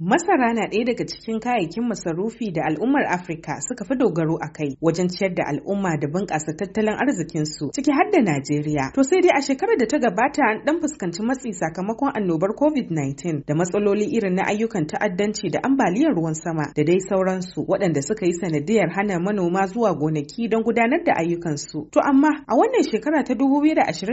Masara na ɗaya daga cikin kayayyakin masarufi da al'ummar Afirka suka fi dogaro a kai wajen ciyar da al'umma da bunƙasa tattalin arzikinsu ciki har da Najeriya. To sai dai a shekarar da ta gabata an ɗan fuskanci matsi sakamakon annobar COVID-19 da matsaloli irin na ayyukan ta'addanci da ambaliyar ruwan sama da dai sauransu waɗanda suka yi sanadiyar hana manoma zuwa gonaki don gudanar da ayyukansu. To amma a wannan shekara ta da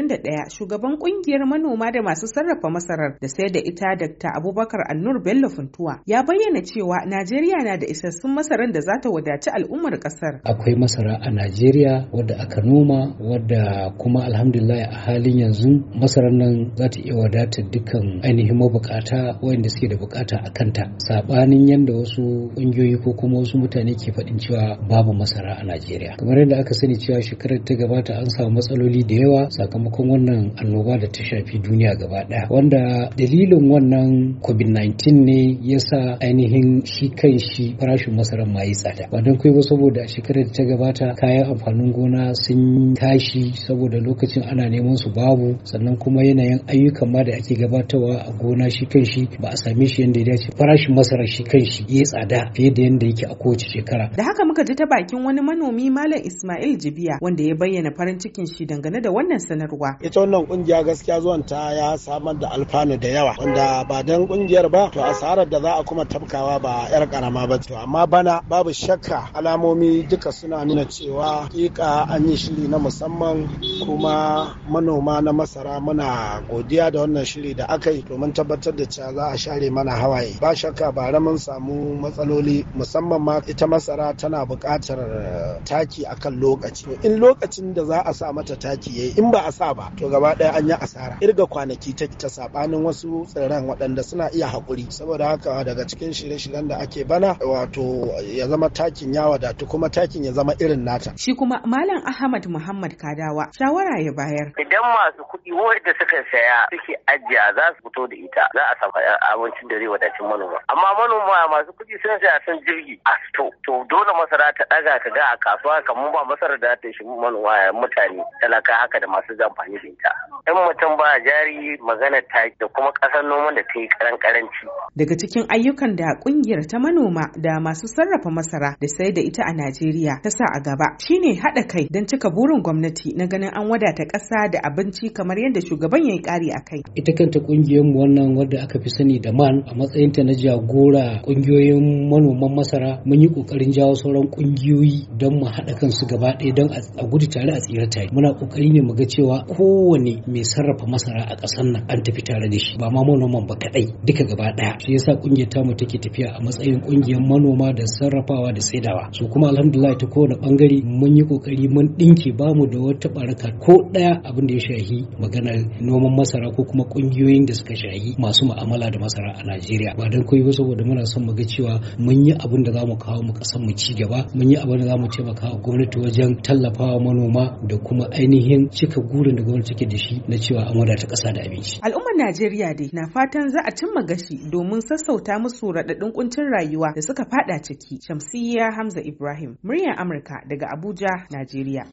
da ɗaya, shugaban ƙungiyar manoma da masu sarrafa masarar da sayar da ita Dr. Abubakar Annur Bello mutuwa ya bayyana cewa najeriya na da isassun masaran da za ta wadaci al'ummar kasar akwai masara a najeriya wadda aka noma wadda kuma alhamdulillah a halin yanzu masarar nan za ta iya wadata dukkan ainihin mabukata wayanda suke da bukata a kanta sabanin yadda wasu ƙungiyoyi ko kuma wasu mutane ke faɗin cewa babu masara a najeriya kamar yadda aka sani cewa shekarar ta gabata an samu matsaloli da yawa sakamakon wannan annoba da ta shafi duniya gaba ɗaya wanda dalilin wannan covid-19 ne ya sa ainihin shi kan shi farashin masarar ma yi tsada ba don kai ba saboda a shekarar da ta gabata kayan amfanin gona sun tashi saboda lokacin ana neman su babu sannan kuma yanayin ayyukan ma da ake gabatarwa a gona shi kan shi ba a same shi yadda ya dace farashin masarar shi kan shi ya tsada fiye da yadda yake a kowace shekara da haka muka ji ta bakin wani manomi malam Ismail Jibiya wanda ya bayyana farin cikin shi dangane da wannan sanarwa ita wannan kungiya gaskiya zuwan ta ya samar da alfanu da yawa wanda ba dan kungiyar ba to asarar da za a kuma tabkawa ba 'yar karama ba to amma bana babu shakka alamomi duka suna nuna cewa hakika an yi shiri na musamman kuma manoma na masara muna godiya da wannan shiri da aka yi domin tabbatar da cewa za a share mana hawaye ba shakka bara mun samu matsaloli musamman ma ita masara tana buƙatar taki akan lokaci in lokacin da za a sa mata taki yayi in ba a sa ba to gaba ɗaya an yi asara irga kwanaki ta saɓanin wasu tsirran waɗanda suna iya haƙuri saboda haka shukawa daga cikin shirye-shiryen da ake bana wato ya zama takin ya wadatu kuma takin ya zama irin nata. Shi kuma Malam Ahmad Muhammad Kadawa shawara ya bayar. Idan masu kuɗi da suka saya suke ajiya za su fito da ita za a samu eh, abincin da zai wadacin manoma. Amma manoma masu kuɗi sun saya sun jirgi a sto. To dole masara ta ɗaga ka ga a kasuwa kamar ba masarar da ta shi manoma mutane talaka haka da masu zamfani da ita. 'yan mutum ba jari magana ta da kuma ƙasar noman da ta yi karan karanci. Daga cikin ayyukan da ƙungiyar ta manoma da masu sarrafa masara da sai da ita a Najeriya ta sa a gaba shine haɗa kai don cika burin gwamnati na ganin an wadata ƙasa da abinci kamar yadda shugaban ya yi ƙari a kai. Ita kanta ƙungiyar mu wannan wadda aka fi sani da MAN a matsayin ta na jagora ƙungiyoyin manoman masara mun yi ƙoƙarin jawo sauran ƙungiyoyi don mu haɗa kansu gaba ɗaya don a gudu tare a tsira tare. Muna ƙoƙari ne mu ga cewa kowane mai sarrafa masara a ƙasar nan an tafi tare da shi ba ma manoman ba kaɗai duka gaba ɗaya shi yasa kungiyar tamu take tafiya a matsayin ƙungiyar manoma da sarrafawa da saidawa su kuma alhamdulillah ta kowane bangare mun yi kokari mun ɗinke ba mu da wata baraka ko ɗaya abin da ya shahi maganar noman masara ko kuma kungiyoyin da suka shahi masu ma'amala da masara a Najeriya ba dan koyi ba saboda muna son mu ga cewa mun yi abin da za mu kawo mu kasan mu ci gaba mun yi abin da za mu taimaka gwamnati wajen tallafawa manoma da kuma ainihin cika gurin da gwamnati take da shi na cewa an wadata ƙasa da abinci. Al'ummar Najeriya dai na fatan za a cimma gashi domin sassauta musu raɗaɗin kuncin rayuwa da suka faɗa ciki. Shamsiyya Hamza Ibrahim, muryar Amurka daga Abuja, Najeriya.